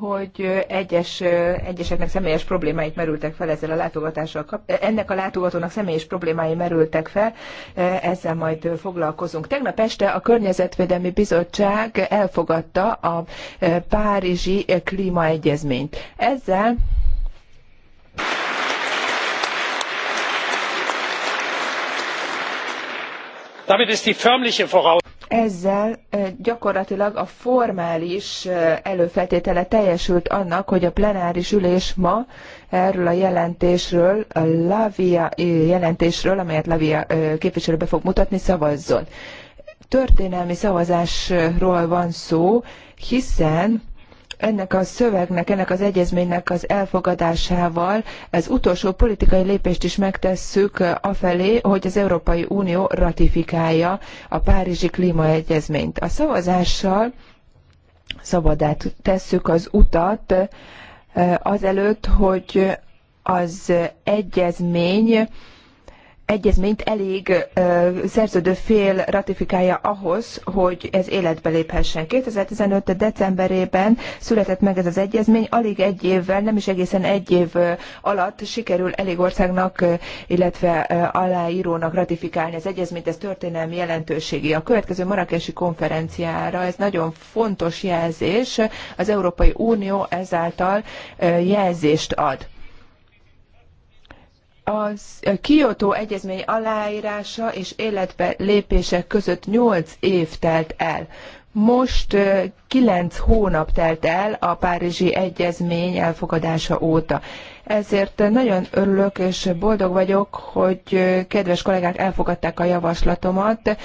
hogy egyes, egyeseknek személyes problémáik merültek fel ezzel a látogatással. ennek a látogatónak személyes problémái merültek fel, e, ezzel majd foglalkozunk. Tegnap este a Környezetvédelmi Bizottság elfogadta a e, Párizsi Klímaegyezményt. Ezzel damit ist die förmliche voraussetzung ezzel gyakorlatilag a formális előfeltétele teljesült annak, hogy a plenáris ülés ma erről a jelentésről, a Lavia jelentésről, amelyet Lavia képviselő be fog mutatni, szavazzon. Történelmi szavazásról van szó, hiszen ennek a szövegnek, ennek az egyezménynek az elfogadásával ez utolsó politikai lépést is megtesszük eh, afelé, hogy az Európai Unió ratifikálja a Párizsi Klímaegyezményt. A szavazással szabadát tesszük az utat eh, azelőtt, hogy az egyezmény egyezményt elég szerződő fél ratifikálja ahhoz, hogy ez életbe léphessen. 2015. decemberében született meg ez az egyezmény, alig egy évvel, nem is egészen egy év alatt sikerül elég országnak, illetve aláírónak ratifikálni az egyezményt, ez történelmi jelentőségi. A következő marakesi konferenciára ez nagyon fontos jelzés, az Európai Unió ezáltal jelzést ad az Kyoto egyezmény aláírása és életbe lépése között 8 év telt el. Most 9 hónap telt el a Párizsi Egyezmény elfogadása óta. Ezért nagyon örülök és boldog vagyok, hogy kedves kollégák elfogadták a javaslatomat,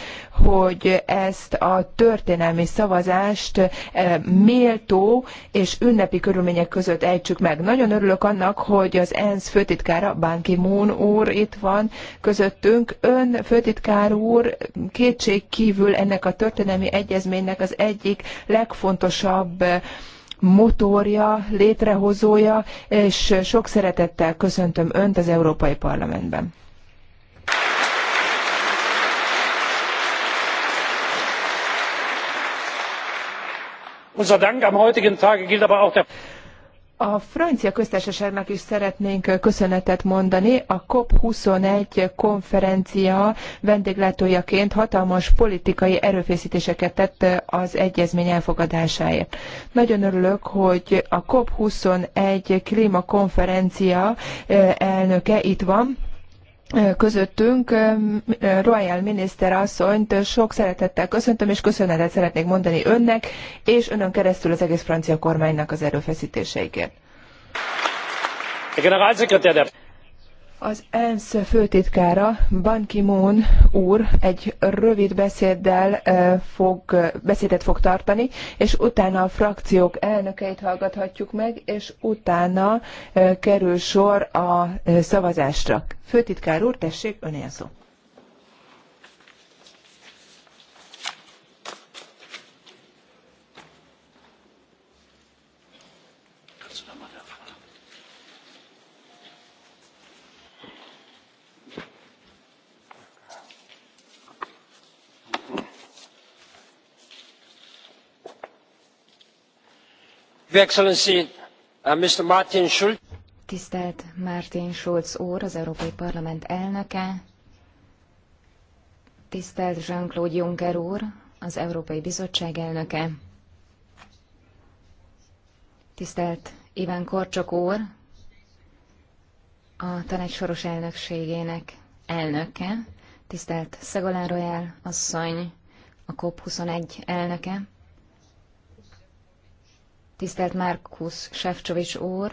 hogy ezt a történelmi szavazást eh, méltó és ünnepi körülmények között ejtsük meg. Nagyon örülök annak, hogy az ENSZ főtitkára, Ban Ki-moon úr itt van közöttünk. Ön, főtitkár úr, kétség kívül ennek a történelmi egyezménynek az egyik legfontosabb motorja, létrehozója, és sok szeretettel köszöntöm Önt az Európai Parlamentben. Unser Dank am heutigen Tage gilt aber auch der a francia köztársaságnak is szeretnénk köszönetet mondani. A COP21 konferencia vendéglátójaként hatalmas politikai erőfészítéseket tett az egyezmény elfogadásáért. Nagyon örülök, hogy a COP21 klímakonferencia eh, elnöke itt van, közöttünk Royal miniszter asszonyt sok szeretettel köszöntöm, és köszönetet szeretnék mondani önnek, és önön keresztül az egész francia kormánynak az erőfeszítéseikért. A generálsekretär az ENSZ főtitkára Ban Ki-moon úr egy rövid beszéddel eh, fog, beszédet fog tartani, és utána a frakciók elnökeit hallgathatjuk meg, és utána eh, kerül sor a eh, szavazásra. Főtitkár úr, tessék, ön szó. Uh, tisztelt Martin Schulz úr, az Európai Parlament elnöke, tisztelt Jean-Claude Juncker úr, az Európai Bizottság elnöke, tisztelt Iván Korcsok úr, a tanács soros elnökségének elnöke, tisztelt Szegolán Royal asszony, a COP21 elnöke, Tisztelt Márkusz Sefcsovics úr,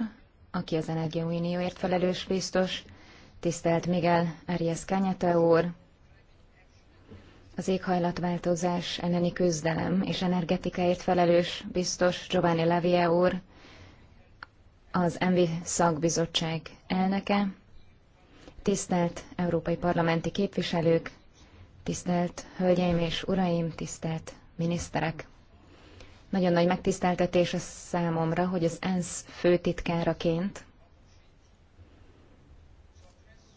aki az Energiaunióért felelős biztos, tisztelt Miguel Arias Kányata úr, az éghajlatváltozás elleni küzdelem és energetikáért felelős biztos Giovanni Lavia úr, az ENVI szakbizottság elnöke, tisztelt európai parlamenti képviselők, tisztelt hölgyeim és uraim, tisztelt miniszterek! Nagyon nagy megtiszteltetés a számomra, hogy az ENSZ főtitkáraként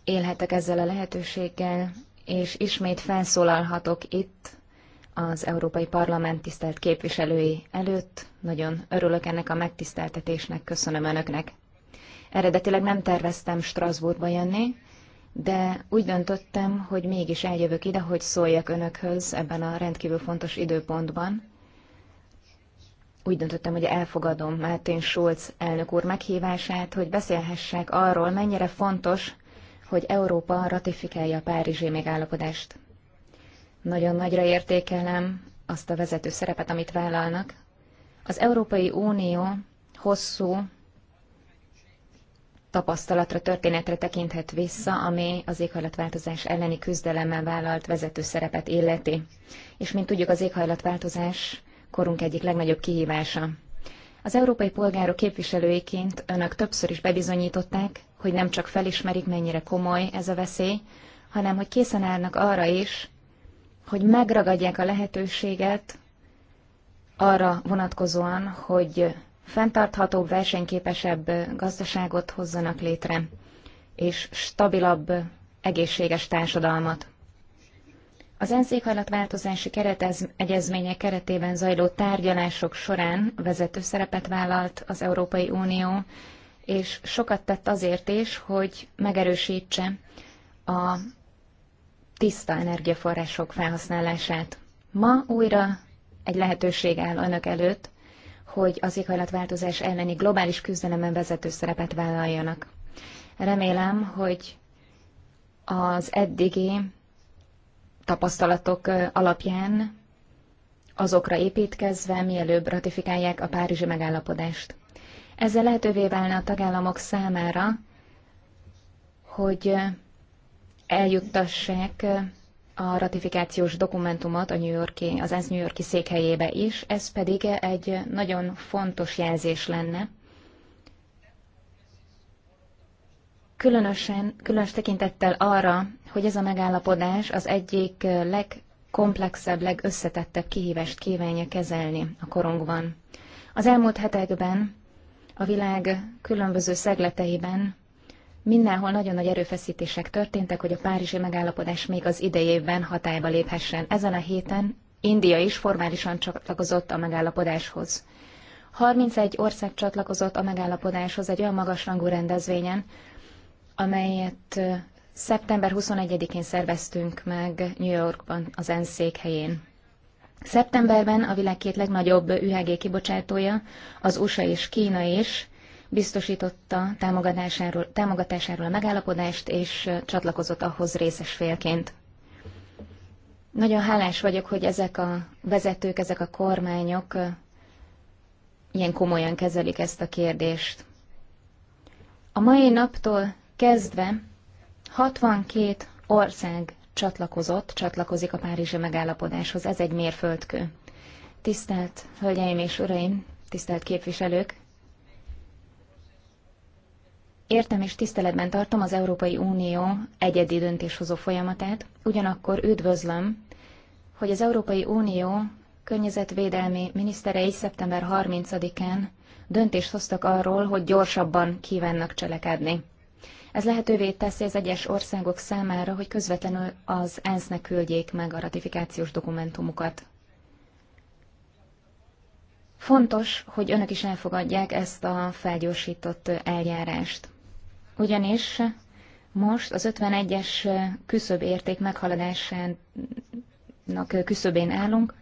élhetek ezzel a lehetőséggel, és ismét felszólalhatok itt az Európai Parlament tisztelt képviselői előtt. Nagyon örülök ennek a megtiszteltetésnek, köszönöm Önöknek. Eredetileg nem terveztem Strasbourgba jönni, de úgy döntöttem, hogy mégis eljövök ide, hogy szóljak Önökhöz ebben a rendkívül fontos időpontban, úgy döntöttem, hogy elfogadom Mártin Schulz elnök úr meghívását, hogy beszélhessek arról, mennyire fontos, hogy Európa ratifikálja a Párizsi megállapodást. Nagyon nagyra értékelem azt a vezető szerepet, amit vállalnak. Az Európai Unió hosszú tapasztalatra, történetre tekinthet vissza, ami az éghajlatváltozás elleni küzdelemmel vállalt vezető szerepet illeti. És mint tudjuk, az éghajlatváltozás korunk egyik legnagyobb kihívása. Az európai polgárok képviselőiként önök többször is bebizonyították, hogy nem csak felismerik, mennyire komoly ez a veszély, hanem hogy készen állnak arra is, hogy megragadják a lehetőséget arra vonatkozóan, hogy fenntarthatóbb, versenyképesebb gazdaságot hozzanak létre, és stabilabb, egészséges társadalmat. Az ENSZ éghajlatváltozási keretegyezménye keretében zajló tárgyalások során vezető szerepet vállalt az Európai Unió, és sokat tett azért is, hogy megerősítse a tiszta energiaforrások felhasználását. Ma újra egy lehetőség áll önök előtt, hogy az éghajlatváltozás elleni globális küzdelemben vezető szerepet vállaljanak. Remélem, hogy az eddigi tapasztalatok alapján azokra építkezve mielőbb ratifikálják a Párizsi megállapodást. Ezzel lehetővé válna a tagállamok számára, hogy eljuttassák a ratifikációs dokumentumot a New Yorki, az ENSZ New Yorki székhelyébe is, ez pedig egy nagyon fontos jelzés lenne Különösen, különös tekintettel arra, hogy ez a megállapodás az egyik legkomplexebb, legösszetettebb kihívást kívánja kezelni a korunkban. Az elmúlt hetekben a világ különböző szegleteiben mindenhol nagyon nagy erőfeszítések történtek, hogy a párizsi megállapodás még az idejében hatályba léphessen. Ezen a héten India is formálisan csatlakozott a megállapodáshoz. 31 ország csatlakozott a megállapodáshoz egy olyan magasrangú rendezvényen, amelyet szeptember 21-én szerveztünk meg New Yorkban az ENSZ székhelyén. Szeptemberben a világ két legnagyobb ühegé kibocsátója, az USA és Kína is biztosította támogatásáról, támogatásáról a megállapodást, és csatlakozott ahhoz részes félként. Nagyon hálás vagyok, hogy ezek a vezetők, ezek a kormányok ilyen komolyan kezelik ezt a kérdést. A mai naptól kezdve 62 ország csatlakozott, csatlakozik a Párizsi megállapodáshoz. Ez egy mérföldkő. Tisztelt Hölgyeim és Uraim, tisztelt képviselők! Értem és tiszteletben tartom az Európai Unió egyedi döntéshozó folyamatát, ugyanakkor üdvözlöm, hogy az Európai Unió környezetvédelmi miniszterei szeptember 30-án döntést hoztak arról, hogy gyorsabban kívánnak cselekedni. Ez lehetővé teszi az egyes országok számára, hogy közvetlenül az ENSZ-nek küldjék meg a ratifikációs dokumentumukat. Fontos, hogy önök is elfogadják ezt a felgyorsított eljárást. Ugyanis most az 51-es küszöb érték meghaladásának küszöbén állunk,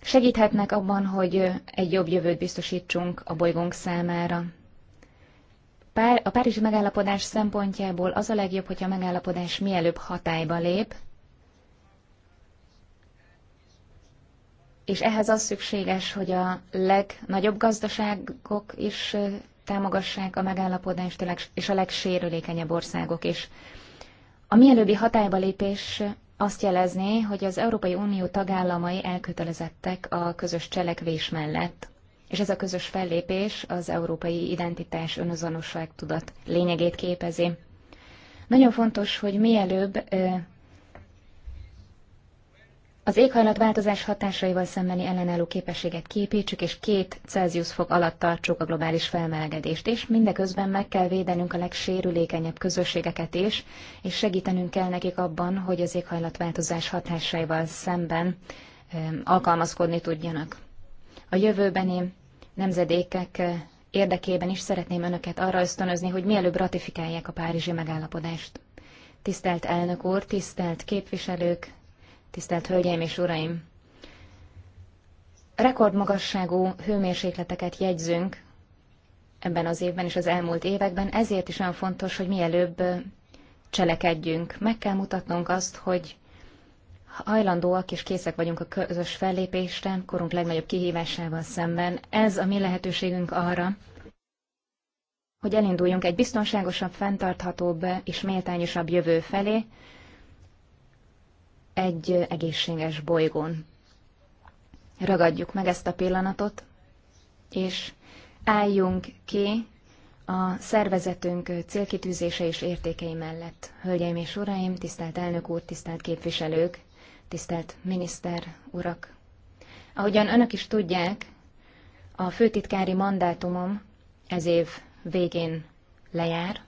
segíthetnek abban, hogy egy jobb jövőt biztosítsunk a bolygónk számára. Pár, a Párizsi megállapodás szempontjából az a legjobb, hogy a megállapodás mielőbb hatályba lép, és ehhez az szükséges, hogy a legnagyobb gazdaságok is támogassák a megállapodást, és a legsérülékenyebb országok is. A mielőbbi hatályba lépés azt jelezné, hogy az Európai Unió tagállamai elkötelezettek a közös cselekvés mellett és ez a közös fellépés az európai identitás önazonosság tudat lényegét képezi. Nagyon fontos, hogy mielőbb az éghajlatváltozás hatásaival szembeni ellenálló képességet képítsük, és két Celsius fok alatt tartsuk a globális felmelegedést, és mindeközben meg kell védenünk a legsérülékenyebb közösségeket is, és segítenünk kell nekik abban, hogy az éghajlatváltozás hatásaival szemben alkalmazkodni tudjanak a jövőbeni nemzedékek eh, érdekében is szeretném önöket arra ösztönözni, hogy mielőbb ratifikálják a Párizsi megállapodást. Tisztelt elnök úr, tisztelt képviselők, tisztelt hölgyeim és uraim! Rekordmagasságú hőmérsékleteket jegyzünk ebben az évben és az elmúlt években, ezért is olyan fontos, hogy mielőbb eh, cselekedjünk. Meg kell mutatnunk azt, hogy hajlandóak és készek vagyunk a közös fellépésre, korunk legnagyobb kihívásával szemben. Ez a mi lehetőségünk arra, hogy elinduljunk egy biztonságosabb, fenntarthatóbb és méltányosabb jövő felé, egy egészséges bolygón. Ragadjuk meg ezt a pillanatot, és álljunk ki a szervezetünk célkitűzése és értékei mellett. Hölgyeim és uraim, tisztelt elnök úr, tisztelt képviselők! tisztelt miniszter urak! Ahogyan önök is tudják, a főtitkári mandátumom ez év végén lejár.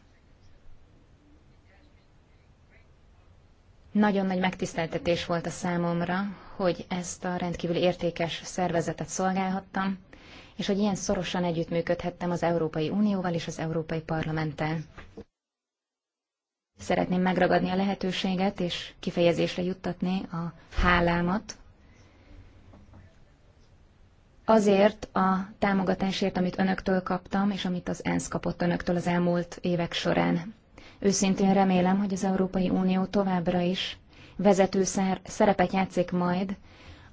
Nagyon nagy megtiszteltetés volt a számomra, hogy ezt a rendkívül értékes szervezetet szolgálhattam, és hogy ilyen szorosan együttműködhettem az Európai Unióval és az Európai Parlamenttel. Szeretném megragadni a lehetőséget és kifejezésre juttatni a hálámat azért a támogatásért, amit önöktől kaptam, és amit az ENSZ kapott önöktől az elmúlt évek során. Őszintén remélem, hogy az Európai Unió továbbra is vezető szerepet játszik majd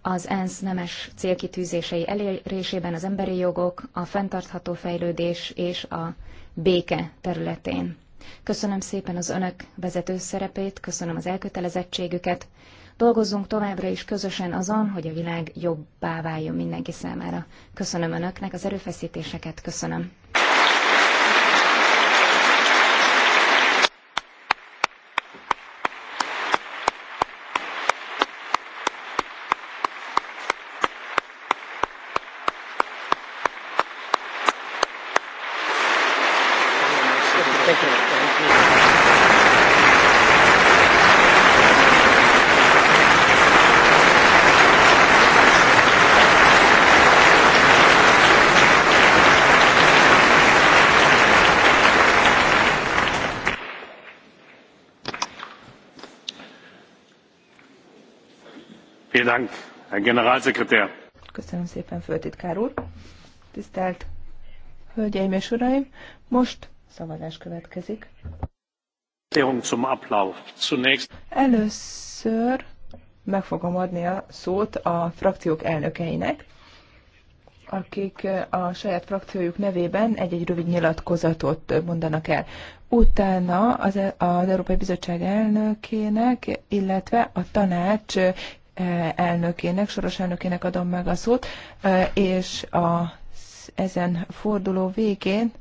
az ENSZ nemes célkitűzései elérésében az emberi jogok, a fenntartható fejlődés és a béke területén. Köszönöm szépen az önök vezető szerepét, köszönöm az elkötelezettségüket. Dolgozzunk továbbra is közösen azon, hogy a világ jobbá váljon mindenki számára. Köszönöm önöknek az erőfeszítéseket, köszönöm. Vielen Dank, Herr Generalsekretär. Köszönöm szépen, főtitkár úr. Tisztelt Hölgyeim és Uraim, most szavazás következik. Először meg fogom adni a szót a frakciók elnökeinek, akik a saját frakciójuk nevében egy-egy rövid nyilatkozatot mondanak el. Utána az, e- az Európai Bizottság elnökének, illetve a tanács elnökének, soros elnökének adom meg a szót, és a, ezen forduló végén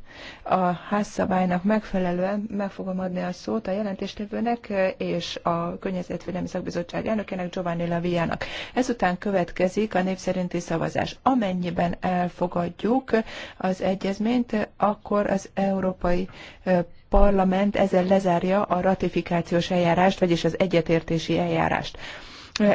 a házszabálynak megfelelően meg fogom adni a szót a jelentéstevőnek és a Környezetvédelmi Szakbizottság elnökének Giovanni Laviának. Ezután következik a népszerinti szavazás. Amennyiben elfogadjuk az egyezményt, akkor az Európai Parlament ezzel lezárja a ratifikációs eljárást, vagyis az egyetértési eljárást.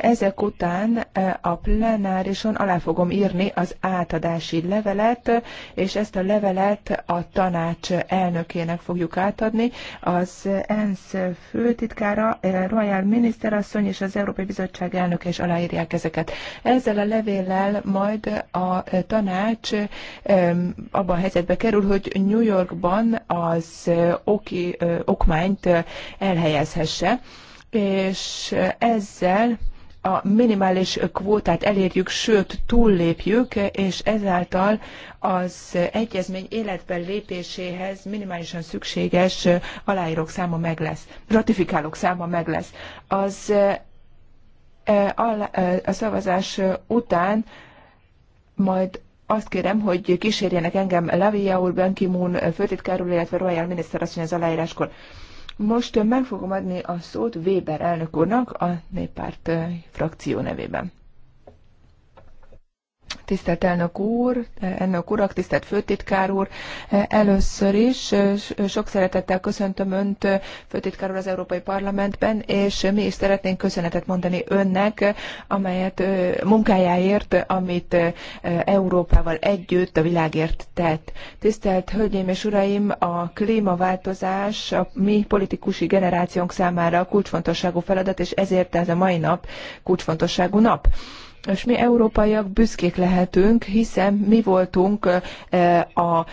Ezek után e, a plenárison alá fogom írni az átadási levelet, és ezt a levelet a tanács elnökének fogjuk átadni. Az ENSZ főtitkára, e, Royal miniszterasszony és az Európai Bizottság elnöke is aláírják ezeket. Ezzel a levéllel majd a tanács e, abban a helyzetbe kerül, hogy New Yorkban az oki, okmányt elhelyezhesse és ezzel a minimális kvótát elérjük, sőt túllépjük, és ezáltal az egyezmény életben lépéséhez minimálisan szükséges aláírók száma meg lesz, ratifikálók száma meg lesz. Az e, e, a szavazás után majd azt kérem, hogy kísérjenek engem Lavia úr, Ben Ki-moon főtitkár úr, illetve Royal miniszterasszony az aláíráskor. Most meg fogom adni a szót Weber elnök úrnak a néppárt frakció nevében. Tisztelt elnök úr, elnök urak, tisztelt főtitkár úr, először is sok szeretettel köszöntöm Önt, főtitkár úr az Európai Parlamentben, és mi is szeretnénk köszönetet mondani Önnek, amelyet munkájáért, amit Európával együtt a világért tett. Tisztelt Hölgyeim és Uraim, a klímaváltozás a mi politikusi generációnk számára kulcsfontosságú feladat, és ezért ez a mai nap kulcsfontosságú nap és mi európaiak büszkék lehetünk, hiszen mi voltunk eh, a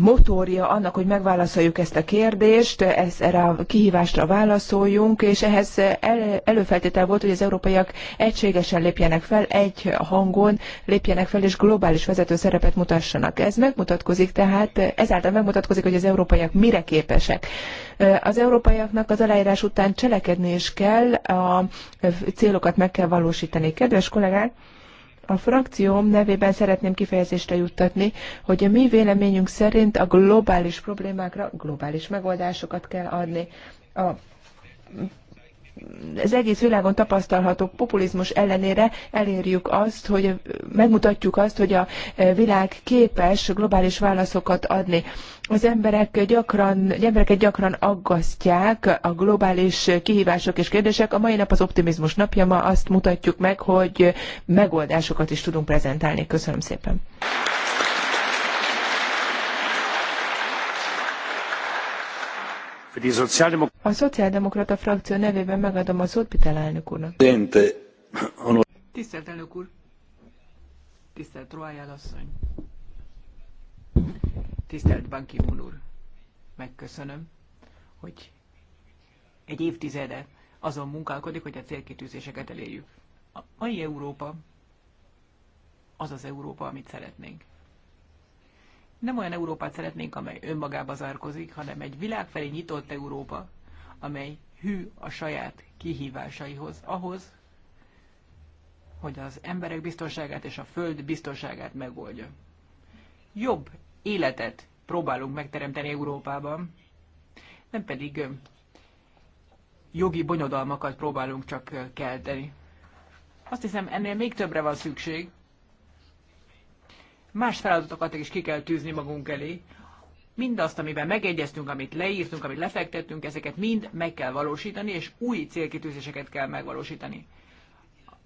motorja annak, hogy megválaszoljuk ezt a kérdést, ezt erre a kihívásra válaszoljunk, és ehhez előfeltétel volt, hogy az európaiak egységesen lépjenek fel, egy hangon lépjenek fel, és globális vezető szerepet mutassanak. Ez megmutatkozik tehát, ezáltal megmutatkozik, hogy az európaiak mire képesek. Az európaiaknak az aláírás után cselekedni is kell, a célokat meg kell valósítani. Kedves kollégák, a frakcióm nevében szeretném kifejezésre juttatni, hogy a mi véleményünk szerint a globális problémákra globális megoldásokat kell adni. A az egész világon tapasztalható populizmus ellenére elérjük azt, hogy megmutatjuk azt, hogy a világ képes globális válaszokat adni. Az emberek gyakran, embereket gyakran aggasztják a globális kihívások és kérdések. A mai nap az optimizmus napja, ma azt mutatjuk meg, hogy megoldásokat is tudunk prezentálni. Köszönöm szépen! A szociáldemokrata frakció nevében megadom a szót Pitel elnök úrnak. Tisztelt elnök úr! Tisztelt Roájál asszony! Tisztelt Banki úr! Megköszönöm, hogy egy évtizede azon munkálkodik, hogy a célkitűzéseket elérjük. A mai Európa az az Európa, amit szeretnénk. Nem olyan Európát szeretnénk, amely önmagába zárkozik, hanem egy világ felé nyitott Európa, amely hű a saját kihívásaihoz, ahhoz, hogy az emberek biztonságát és a föld biztonságát megoldja. Jobb életet próbálunk megteremteni Európában, nem pedig jogi bonyodalmakat próbálunk csak kelteni. Azt hiszem, ennél még többre van szükség más feladatokat is ki kell tűzni magunk elé. Mindazt, amiben megegyeztünk, amit leírtunk, amit lefektettünk, ezeket mind meg kell valósítani, és új célkitűzéseket kell megvalósítani.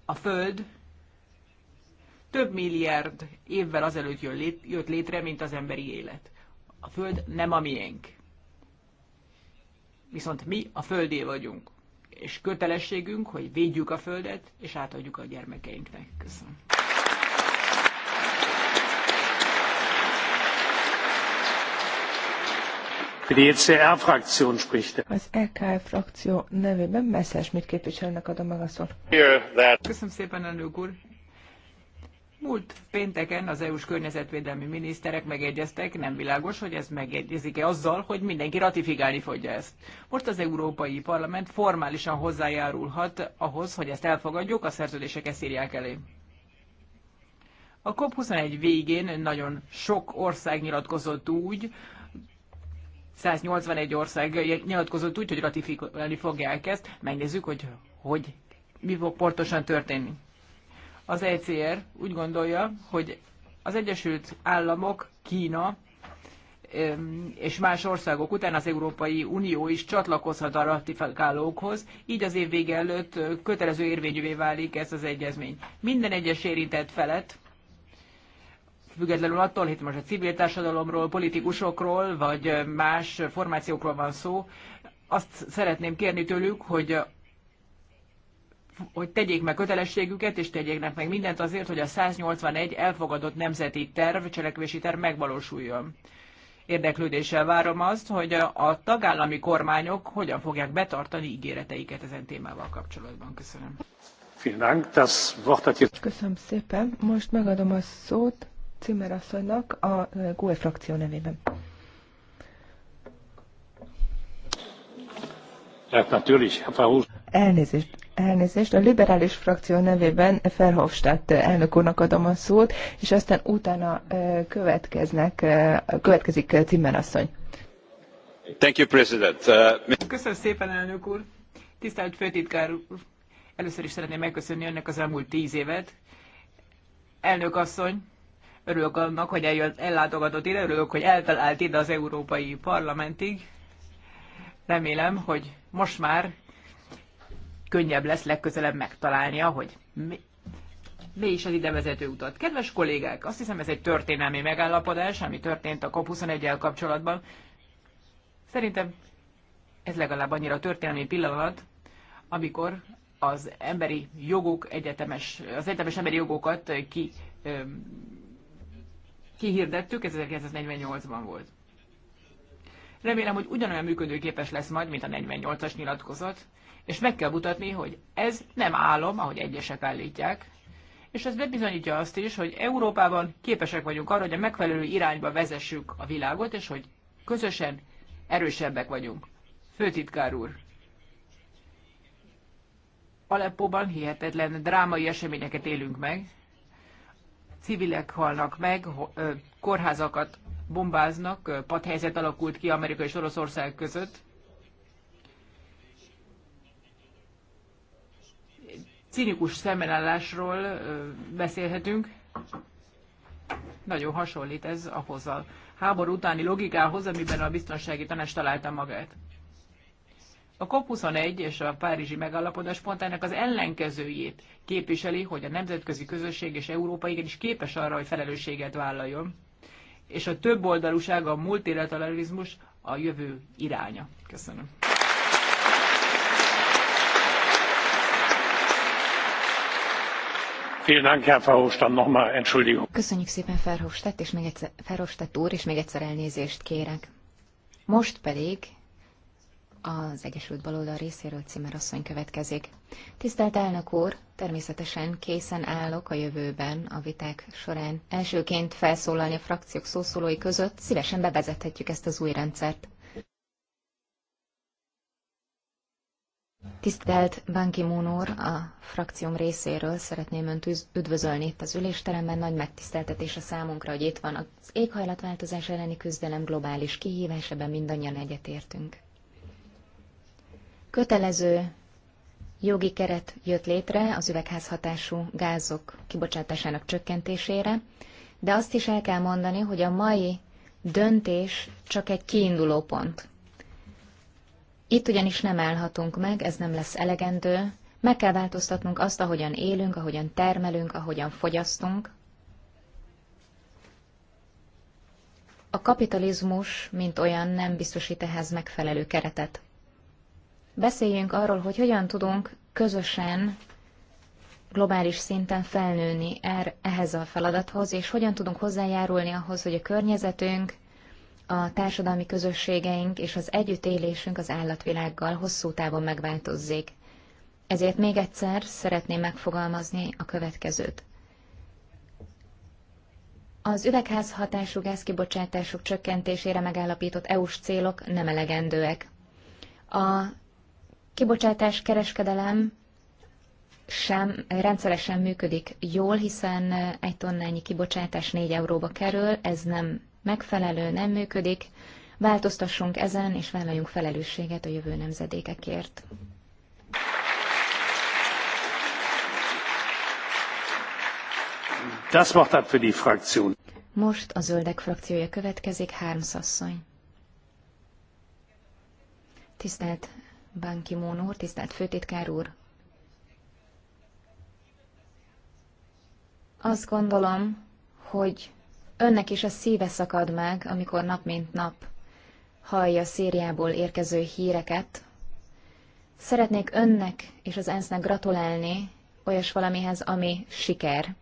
A Föld több milliárd évvel azelőtt jött létre, mint az emberi élet. A Föld nem a miénk. Viszont mi a Földé vagyunk. És kötelességünk, hogy védjük a Földet, és átadjuk a gyermekeinknek. Köszönöm. E er. Az EKF frakció nevében Messerschmidt képviselőnek adom meg a szót. Köszönöm szépen, elnök úr. Múlt pénteken az EU-s környezetvédelmi miniszterek megegyeztek, nem világos, hogy ez megegyezik-e azzal, hogy mindenki ratifikálni fogja ezt. Most az Európai Parlament formálisan hozzájárulhat ahhoz, hogy ezt elfogadjuk, a szerződések ezt írják elé. A COP21 végén nagyon sok ország nyilatkozott úgy, 181 ország nyilatkozott úgy, hogy ratifikálni fogják ezt. Megnézzük, hogy, hogy mi fog pontosan történni. Az ECR úgy gondolja, hogy az Egyesült Államok, Kína és más országok után az Európai Unió is csatlakozhat a ratifikálókhoz, így az év vége előtt kötelező érvényűvé válik ez az egyezmény. Minden egyes érintett felett függetlenül attól, hogy most a civil társadalomról, politikusokról, vagy más formációkról van szó, azt szeretném kérni tőlük, hogy hogy tegyék meg kötelességüket, és tegyék meg mindent azért, hogy a 181 elfogadott nemzeti terv, cselekvési terv megvalósuljon. Érdeklődéssel várom azt, hogy a tagállami kormányok hogyan fogják betartani ígéreteiket ezen témával kapcsolatban. Köszönöm. Köszönöm szépen. Most megadom a szót Cimmer asszonynak a eh, GUE frakció nevében. Elnézést, elnézést. A liberális frakció nevében Ferhofstadt elnök úrnak adom a szót, és aztán utána eh, következnek, eh, következik Cimmer asszony. Thank you, President. Uh, Köszönöm szépen, elnök úr. Tisztelt főtitkár úr. Először is szeretném megköszönni önnek az elmúlt tíz évet. Elnök asszony, Örülök annak, hogy eljött, ellátogatott ide, örülök, hogy eltalált ide az Európai Parlamentig. Remélem, hogy most már könnyebb lesz legközelebb megtalálnia, hogy mi, mi is az idevezető utat. Kedves kollégák, azt hiszem ez egy történelmi megállapodás, ami történt a COP21-el kapcsolatban. Szerintem ez legalább annyira történelmi pillanat, amikor az emberi jogok egyetemes, az egyetemes emberi jogokat ki kihirdettük, ez 1948-ban volt. Remélem, hogy ugyanolyan működőképes lesz majd, mint a 48-as nyilatkozat, és meg kell mutatni, hogy ez nem álom, ahogy egyesek állítják, és ez bebizonyítja azt is, hogy Európában képesek vagyunk arra, hogy a megfelelő irányba vezessük a világot, és hogy közösen erősebbek vagyunk. Főtitkár úr, Aleppóban hihetetlen drámai eseményeket élünk meg, civilek halnak meg, kórházakat bombáznak, padhelyzet alakult ki Amerika és Oroszország között. Cinikus szembenállásról beszélhetünk. Nagyon hasonlít ez ahhoz a háború utáni logikához, amiben a biztonsági tanács találta magát. A COP21 és a Párizsi megállapodás pont ennek az ellenkezőjét képviseli, hogy a nemzetközi közösség és Európa igenis képes arra, hogy felelősséget vállaljon, és a több oldalúság, a multilateralizmus a jövő iránya. Köszönöm. Köszönjük szépen Ferhofstadt, és még egyszer, Ferhofstadt úr, és még egyszer elnézést kérek. Most pedig az Egyesült Baloldal részéről Cimmer asszony következik. Tisztelt elnök úr, természetesen készen állok a jövőben a viták során. Elsőként felszólalni a frakciók szószólói között, szívesen bevezethetjük ezt az új rendszert. Tisztelt Banki Mónor, a frakcióm részéről szeretném Önt üdvözölni itt az ülésteremben. Nagy megtiszteltetés a számunkra, hogy itt van az éghajlatváltozás elleni küzdelem globális kihívás, ebben mindannyian egyetértünk. Kötelező jogi keret jött létre az üvegházhatású gázok kibocsátásának csökkentésére, de azt is el kell mondani, hogy a mai döntés csak egy kiinduló pont. Itt ugyanis nem állhatunk meg, ez nem lesz elegendő, meg kell változtatnunk azt, ahogyan élünk, ahogyan termelünk, ahogyan fogyasztunk. A kapitalizmus, mint olyan, nem biztosít ehhez megfelelő keretet. Beszéljünk arról, hogy hogyan tudunk közösen globális szinten felnőni er, ehhez a feladathoz, és hogyan tudunk hozzájárulni ahhoz, hogy a környezetünk, a társadalmi közösségeink és az együttélésünk az állatvilággal hosszú távon megváltozzék. Ezért még egyszer szeretném megfogalmazni a következőt. Az üvegházhatású gázkibocsátások csökkentésére megállapított EU-s célok nem elegendőek. A kibocsátás kereskedelem sem, rendszeresen működik jól, hiszen egy tonnányi kibocsátás 4 euróba kerül, ez nem megfelelő, nem működik. Változtassunk ezen, és vállaljunk felelősséget a jövő nemzedékekért. Das macht ab für die Fraktion. Most a zöldek frakciója következik, Hármszasszony. Tisztelt Ban Ki-moon úr, tisztelt főtitkár úr! Azt gondolom, hogy önnek is a szíve szakad meg, amikor nap mint nap hallja Szíriából érkező híreket. Szeretnék önnek és az ENSZ-nek gratulálni olyas valamihez, ami siker.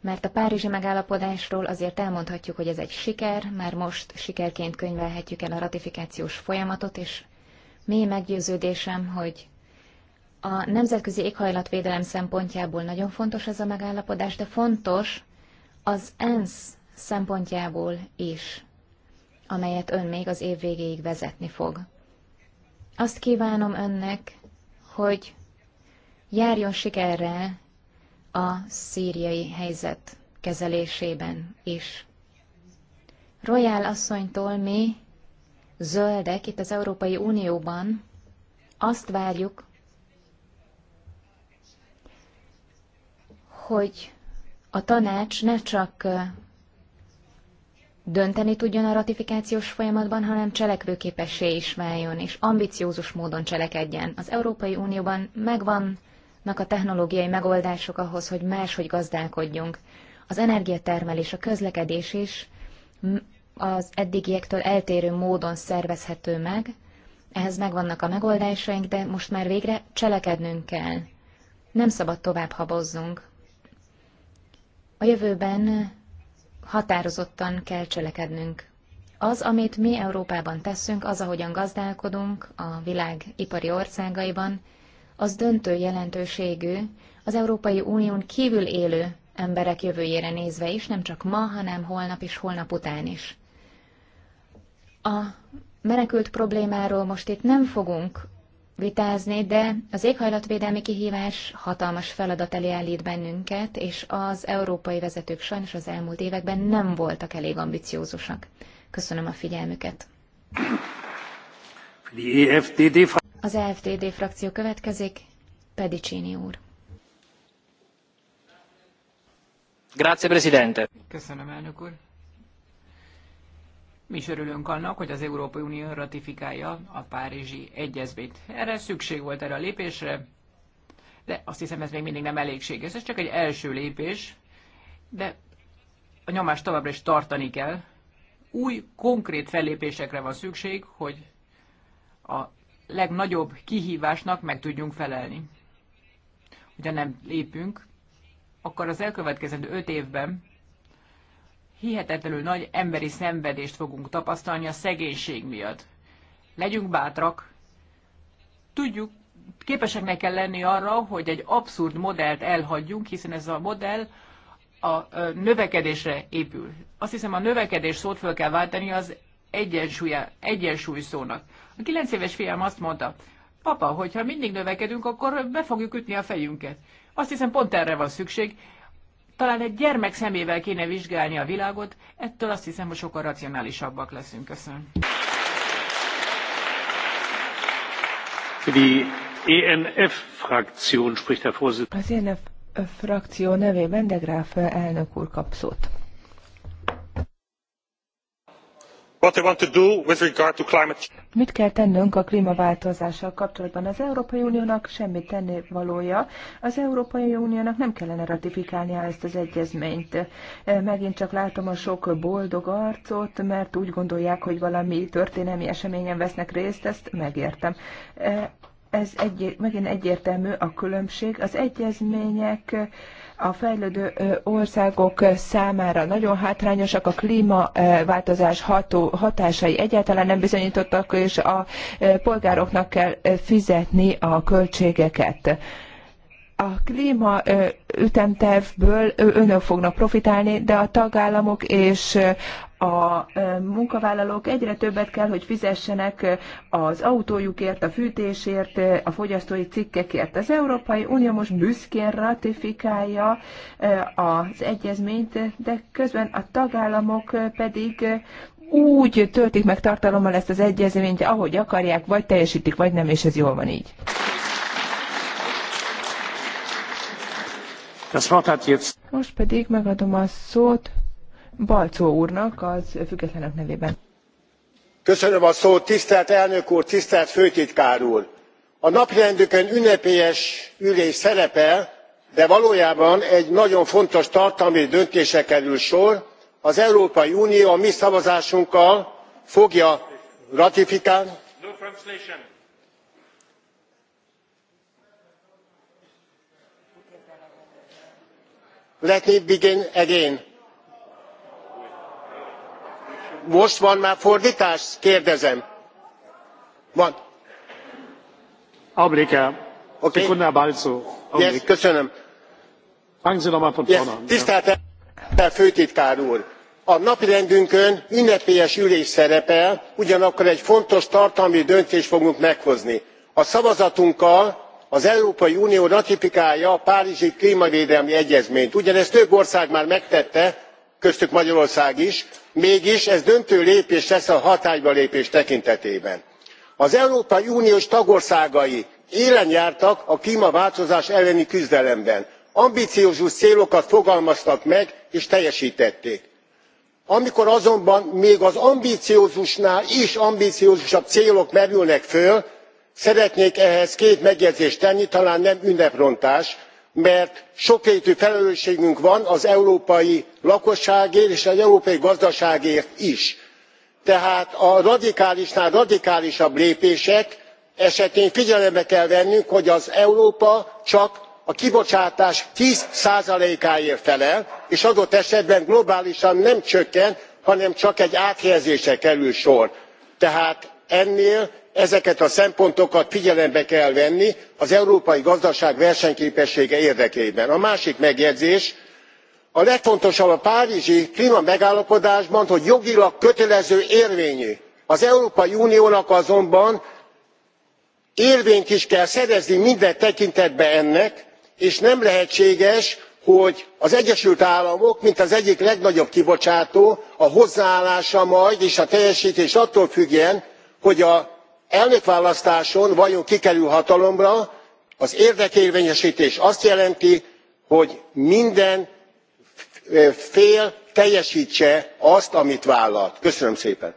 Mert a párizsi megállapodásról azért elmondhatjuk, hogy ez egy siker, már most sikerként könyvelhetjük el a ratifikációs folyamatot, és Mély meggyőződésem, hogy a nemzetközi éghajlatvédelem szempontjából nagyon fontos ez a megállapodás, de fontos az ENSZ szempontjából is, amelyet ön még az év végéig vezetni fog. Azt kívánom önnek, hogy járjon sikerrel a szíriai helyzet kezelésében is. Royal asszonytól mi zöldek itt az Európai Unióban azt várjuk, hogy a tanács ne csak dönteni tudjon a ratifikációs folyamatban, hanem cselekvőképessé is váljon, és ambiciózus módon cselekedjen. Az Európai Unióban megvannak a technológiai megoldások ahhoz, hogy máshogy gazdálkodjunk. Az energiatermelés, a közlekedés is az eddigiektől eltérő módon szervezhető meg. Ehhez megvannak a megoldásaink, de most már végre cselekednünk kell. Nem szabad tovább habozzunk. A jövőben határozottan kell cselekednünk. Az, amit mi Európában teszünk, az, ahogyan gazdálkodunk a világ ipari országaiban, az döntő jelentőségű az Európai Unión kívül élő emberek jövőjére nézve is, nem csak ma, hanem holnap és holnap után is. A menekült problémáról most itt nem fogunk vitázni, de az éghajlatvédelmi kihívás hatalmas feladat elé állít bennünket, és az európai vezetők sajnos az elmúlt években nem voltak elég ambiciózusak. Köszönöm a figyelmüket. Az EFTD frakció következik, Pedicini úr. Grazie, Presidente. Köszönöm, elnök úr. Mi is örülünk annak, hogy az Európai Unió ratifikálja a Párizsi Egyezményt. Erre szükség volt erre a lépésre, de azt hiszem ez még mindig nem elégséges. Ez csak egy első lépés, de a nyomást továbbra is tartani kell. Új, konkrét fellépésekre van szükség, hogy a legnagyobb kihívásnak meg tudjunk felelni. Hogyha nem lépünk, akkor az elkövetkezendő öt évben hihetetlenül nagy emberi szenvedést fogunk tapasztalni a szegénység miatt. Legyünk bátrak, tudjuk, képeseknek kell lenni arra, hogy egy abszurd modellt elhagyjunk, hiszen ez a modell a növekedésre épül. Azt hiszem a növekedés szót föl kell váltani az egyensúly, egyensúly szónak. A kilenc éves fiam azt mondta, papa, hogyha mindig növekedünk, akkor be fogjuk ütni a fejünket. Azt hiszem pont erre van szükség talán egy gyermek szemével kéne vizsgálni a világot, ettől azt hiszem, hogy sokkal racionálisabbak leszünk. Köszönöm. E Az ENF frakció nevében de elnök úr kap szót. Mit kell tennünk a klímaváltozással kapcsolatban? Az Európai Uniónak semmi tenni valója. Az Európai Uniónak nem kellene ratifikálnia ezt az egyezményt. E, megint csak látom a sok boldog arcot, mert úgy gondolják, hogy valami történelmi eseményen vesznek részt, ezt megértem e, ez egy, megint egyértelmű a különbség. Az egyezmények a fejlődő országok számára nagyon hátrányosak, a klímaváltozás ható, hatásai egyáltalán nem bizonyítottak, és a polgároknak kell fizetni a költségeket a klíma ütemtervből önök fognak profitálni, de a tagállamok és a munkavállalók egyre többet kell, hogy fizessenek az autójukért, a fűtésért, a fogyasztói cikkekért. Az Európai Unió most büszkén ratifikálja az egyezményt, de közben a tagállamok pedig úgy töltik meg tartalommal ezt az egyezményt, ahogy akarják, vagy teljesítik, vagy nem, és ez jól van így. Most pedig megadom a szót Balcó úrnak az függetlenek nevében. Köszönöm a szót, tisztelt elnök úr, tisztelt főtitkár úr! A napirendükön ünnepélyes ülés szerepel, de valójában egy nagyon fontos tartalmi döntésre kerül sor. Az Európai Unió a mi szavazásunkkal fogja ratifikálni. Let me begin again most van már fordtás? kérdezem. van. Okay. Yes, köszönöm. Yes. tisztelt főtitkár úr! a napirendünkön ünnepélyes ülés szerepel ugyanakkor egy fontos tartalmi döntést fogunk meghozni. a szavazatunkkal az európai unió ratifikálja a párizsi klmavédelmi egyezményt. ugyanezt több ország már megtette köztük magyarország is mégis ez döntő lépés, lesz a hatálybalépés tekintetében. az európai uniós tagországai élen jártak a klmaváltozás elleni küzdelemben ambiciózus célokat fogalmaztak meg és teljestették. amikor azonban még az ambiciózusnál is ambiciózusabb célok merülnek föl szeretnék ehhez két megjegyzést tenni talán nem ünneprontás mert sokrétű felelősségünk van az európai lakosságért és az európai gazdaságért is tehát a radikálisnál radikálisabb lépések esetén figyelembe kell vennünk hogy európa csak a kibocsátás ten áért felel és adott esetben globálisan nem csökken hanem csak egy áthelyezésre kerül sor. tehát ennél ezeket a szempontokat figyelembe kell venni az európai gazdaság versenyképessége érdekében. a másik megjegyzés a legfontosabb a párizsi klmamegállapodásban hogy jogilag kötelező érvényű az európai uniónak azonban érvényt is kell szerezni minden tekintetben ennek és nem lehetséges hogy az egyesült államok mint az egyik legnagyobb kibocsátó a hozzáállása majd és a teljestés attól függjen hogy a elnökválasztáson vajon ki kerül hatalomra az érdekérvényestés azt jelenti hogy minden fél teljestse azt amit vállalt. köszönöm szépen!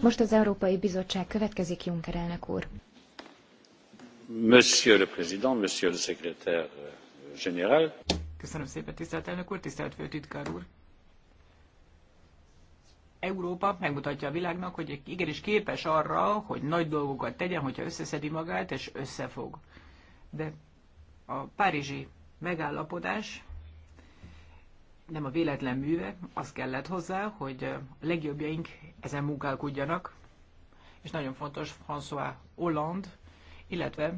most az európai bizottság következik juncker elnök úr. monsieur le président monsieur le secrétaire euh, général köszönöm szépen tisztelt elnök úr tisztelt főtitkár úr! Európa megmutatja a világnak, hogy igenis képes arra, hogy nagy dolgokat tegyen, hogyha összeszedi magát és összefog. De a párizsi megállapodás nem a véletlen műve, az kellett hozzá, hogy a legjobbjaink ezen munkálkodjanak, és nagyon fontos François Hollande, illetve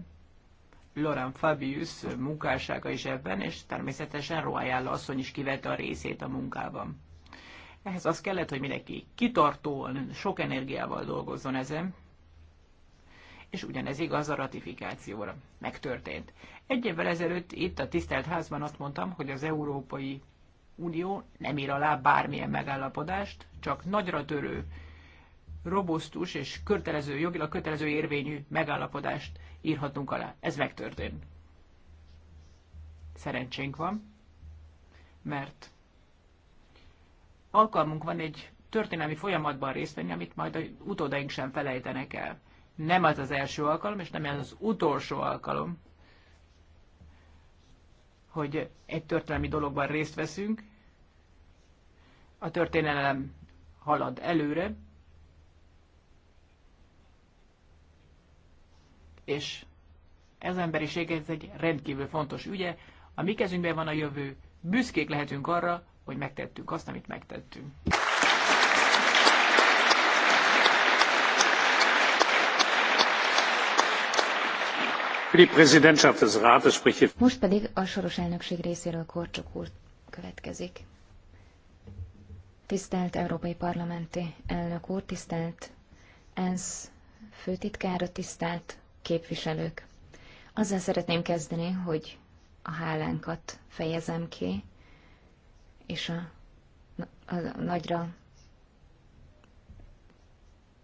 Laurent Fabius munkássága is ebben, és természetesen Royal asszony is kivette a részét a munkában. Ehhez az kellett, hogy mindenki kitartóan, sok energiával dolgozzon ezen, és ugyanez igaz a ratifikációra. Megtörtént. Egy évvel ezelőtt itt a tisztelt házban azt mondtam, hogy az Európai Unió nem ír alá bármilyen megállapodást, csak nagyra törő, robusztus és kötelező, jogilag kötelező érvényű megállapodást írhatunk alá. Ez megtörtént. Szerencsénk van, mert alkalmunk van egy történelmi folyamatban részt venni, amit majd a utódaink sem felejtenek el. Nem az az első alkalom, és nem ez az utolsó alkalom, hogy egy történelmi dologban részt veszünk. A történelem halad előre, és ez emberiség, ez egy rendkívül fontos ügye, a mi kezünkben van a jövő, büszkék lehetünk arra, hogy megtettünk azt, amit megtettünk. Most pedig a soros elnökség részéről Korcsok úr következik. Tisztelt Európai Parlamenti elnök úr, tisztelt ENSZ főtitkára, tisztelt képviselők! Azzal szeretném kezdeni, hogy a hálánkat fejezem ki és a, a, a nagyra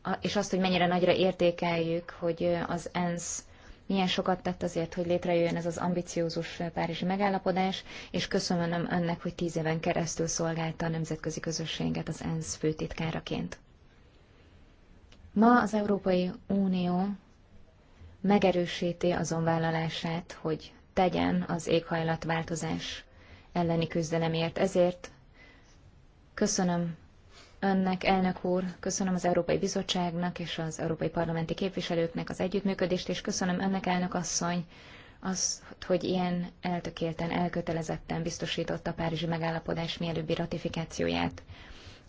a, és azt, hogy mennyire nagyra értékeljük, hogy az ENSZ milyen sokat tett azért, hogy létrejöjjön ez az ambiciózus párizsi megállapodás, és köszönöm önnek, hogy tíz éven keresztül szolgálta a nemzetközi közösséget az ENSZ főtitkáraként. Ma az Európai Unió megerősíti azon vállalását, hogy tegyen az éghajlatváltozás elleni küzdelemért. Ezért köszönöm önnek, elnök úr, köszönöm az Európai Bizottságnak és az Európai Parlamenti képviselőknek az együttműködést, és köszönöm önnek, elnök asszony, az, hogy ilyen eltökélten, elkötelezetten biztosította a Párizsi megállapodás mielőbbi ratifikációját.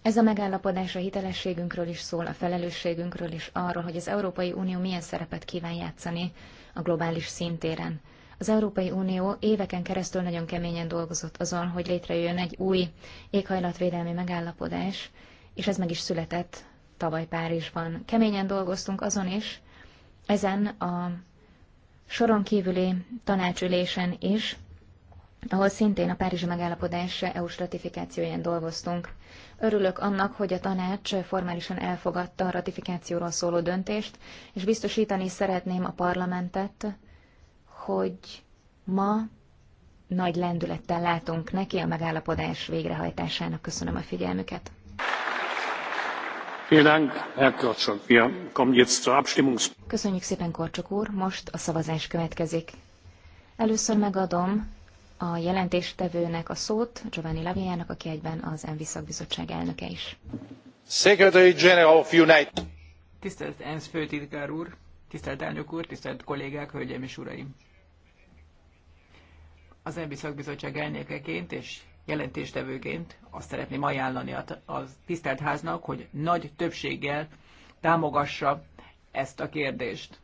Ez a megállapodás a hitelességünkről is szól, a felelősségünkről is arról, hogy az Európai Unió milyen szerepet kíván játszani a globális szintéren. Az Európai Unió éveken keresztül nagyon keményen dolgozott azon, hogy létrejöjjön egy új éghajlatvédelmi megállapodás, és ez meg is született tavaly Párizsban. Keményen dolgoztunk azon is, ezen a soron kívüli tanácsülésen is, ahol szintén a Párizsi megállapodás EU ratifikációján dolgoztunk. Örülök annak, hogy a tanács formálisan elfogadta a ratifikációról szóló döntést, és biztosítani szeretném a parlamentet, hogy ma nagy lendülettel látunk neki a megállapodás végrehajtásának. Köszönöm a figyelmüket. Köszönjük szépen, Korcsok úr. Most a szavazás következik. Először megadom a jelentéstevőnek a szót, Giovanni Laviának, aki egyben az ENVI szakbizottság elnöke is. Secretary General of United. Tisztelt ENSZ főtitkár úr, tisztelt elnök úr, tisztelt kollégák, hölgyeim és uraim! az EBI szakbizottság elnökeként és jelentéstevőként azt szeretném ajánlani a, tisztelt háznak, hogy nagy többséggel támogassa ezt a kérdést.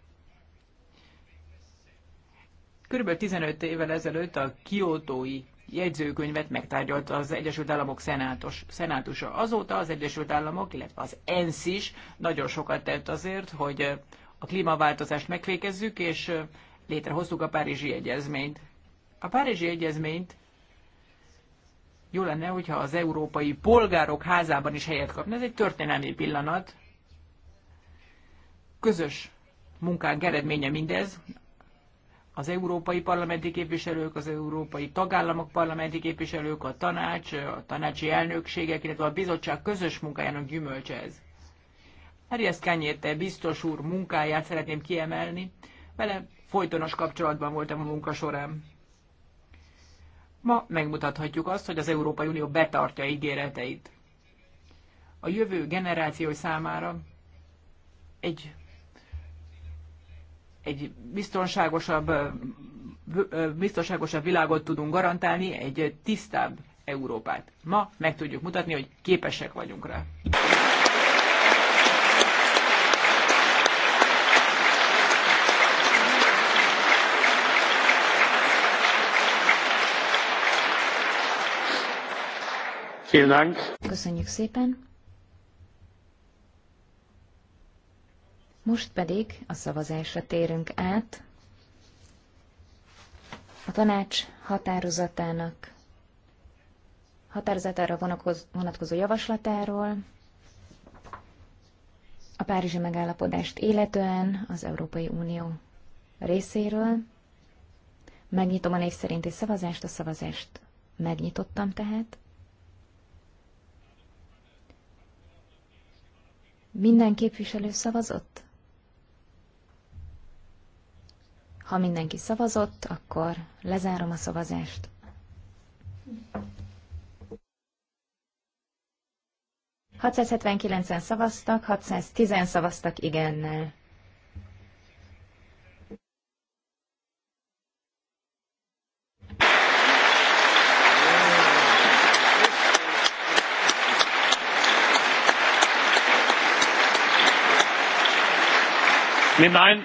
Körülbelül 15 évvel ezelőtt a kiótói jegyzőkönyvet megtárgyalta az Egyesült Államok szenátus, szenátusa. Azóta az Egyesült Államok, illetve az ENSZ is nagyon sokat tett azért, hogy a klímaváltozást megfékezzük, és létrehoztuk a Párizsi Egyezményt. A Párizsi Egyezményt jó lenne, hogyha az európai polgárok házában is helyet kapna. Ez egy történelmi pillanat. Közös munkánk eredménye mindez. Az európai parlamenti képviselők, az európai tagállamok parlamenti képviselők, a tanács, a tanácsi elnökségek, illetve a bizottság közös munkájának gyümölcse ez. Arias Kányérte biztos úr munkáját szeretném kiemelni, vele folytonos kapcsolatban voltam a munka során. Ma megmutathatjuk azt, hogy az Európai Unió betartja ígéreteit. A jövő generáció számára egy, egy biztonságosabb, biztonságosabb világot tudunk garantálni, egy tisztább Európát. Ma meg tudjuk mutatni, hogy képesek vagyunk rá. Köszönjük szépen. Most pedig a szavazásra térünk át. A tanács határozatának határozatára vonatkozó javaslatáról, a Párizsi megállapodást illetően az Európai Unió részéről. Megnyitom a név szerinti szavazást, a szavazást megnyitottam tehát. Minden képviselő szavazott? Ha mindenki szavazott, akkor lezárom a szavazást. Hatszázhetvenkilencen szavaztak, 610 szavaztak igennel. Mit nein,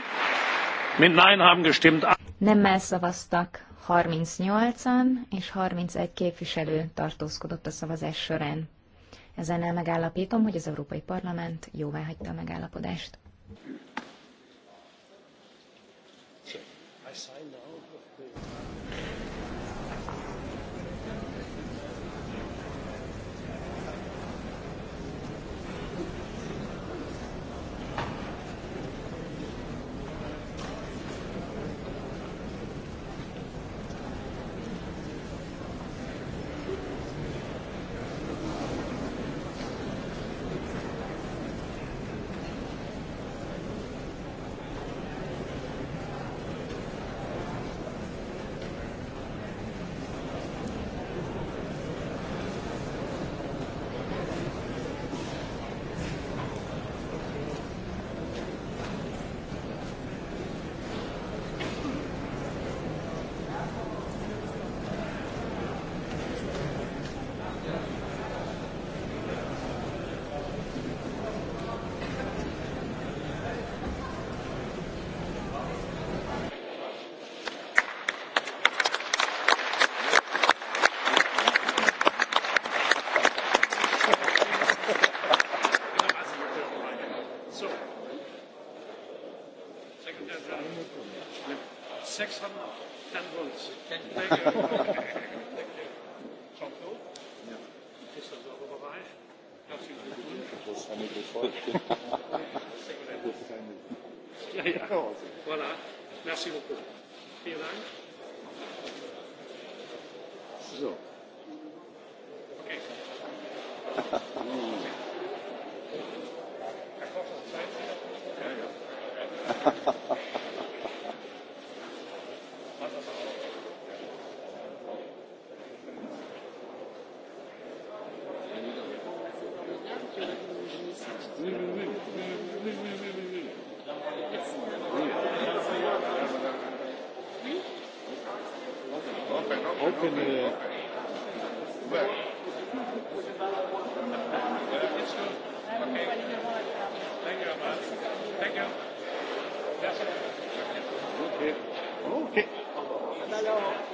mit nein haben gestimmt. Nemmel szavaztak 38-an, és 31 képviselő tartózkodott a szavazás során. Ezennel megállapítom, hogy az Európai Parlament jóvá hagyta a megállapodást.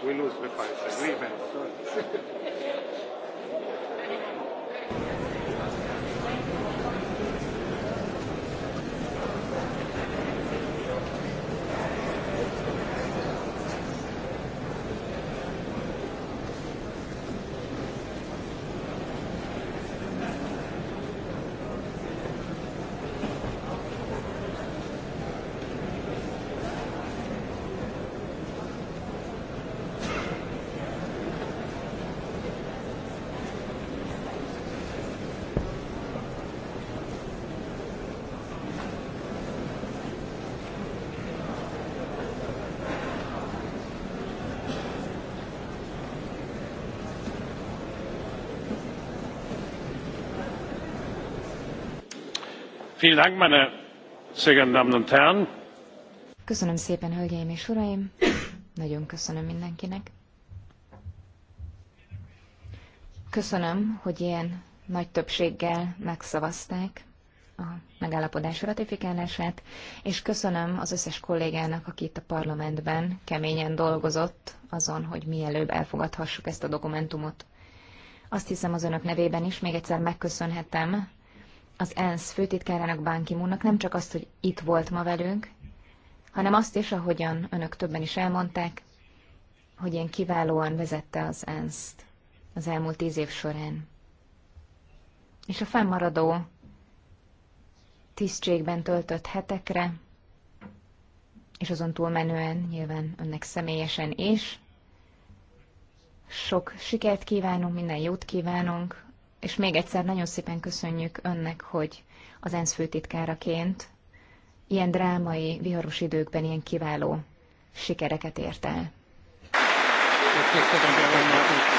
we lose the Paris Agreement. Köszönöm szépen, hölgyeim és uraim! Nagyon köszönöm mindenkinek. Köszönöm, hogy ilyen nagy többséggel megszavazták a megállapodás ratifikálását, és köszönöm az összes kollégának, aki itt a parlamentben keményen dolgozott azon, hogy mielőbb elfogadhassuk ezt a dokumentumot. Azt hiszem az önök nevében is még egyszer megköszönhetem az ENSZ főtitkárának Bán ki nem csak azt, hogy itt volt ma velünk, hanem azt is, ahogyan önök többen is elmondták, hogy ilyen kiválóan vezette az ENSZ-t az elmúlt tíz év során. És a fennmaradó tisztségben töltött hetekre, és azon túlmenően nyilván önnek személyesen is, sok sikert kívánunk, minden jót kívánunk, és még egyszer nagyon szépen köszönjük önnek, hogy az ENSZ főtitkáraként ilyen drámai, viharos időkben ilyen kiváló sikereket ért el. Köszönöm.